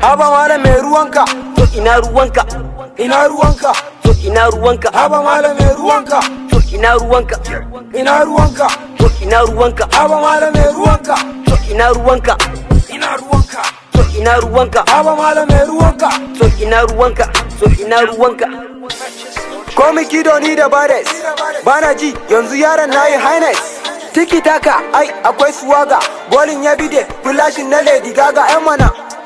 haba malam ruwanka to ina ruwanka ina ruwanka to ina ruwanka haba malam ruwanka to ina ruwanka ina ruwanka to ina ruwanka haba malam me ruwanka to ina ruwanka ina ruwanka to ina ruwanka haba malam ruwanka to ina ruwanka to ina ruwanka komi kido ni da bares. bana ji yanzu na nayi highness tiki taka ai akwai suwaga bolin ya bide flashin na lady gaga yan mana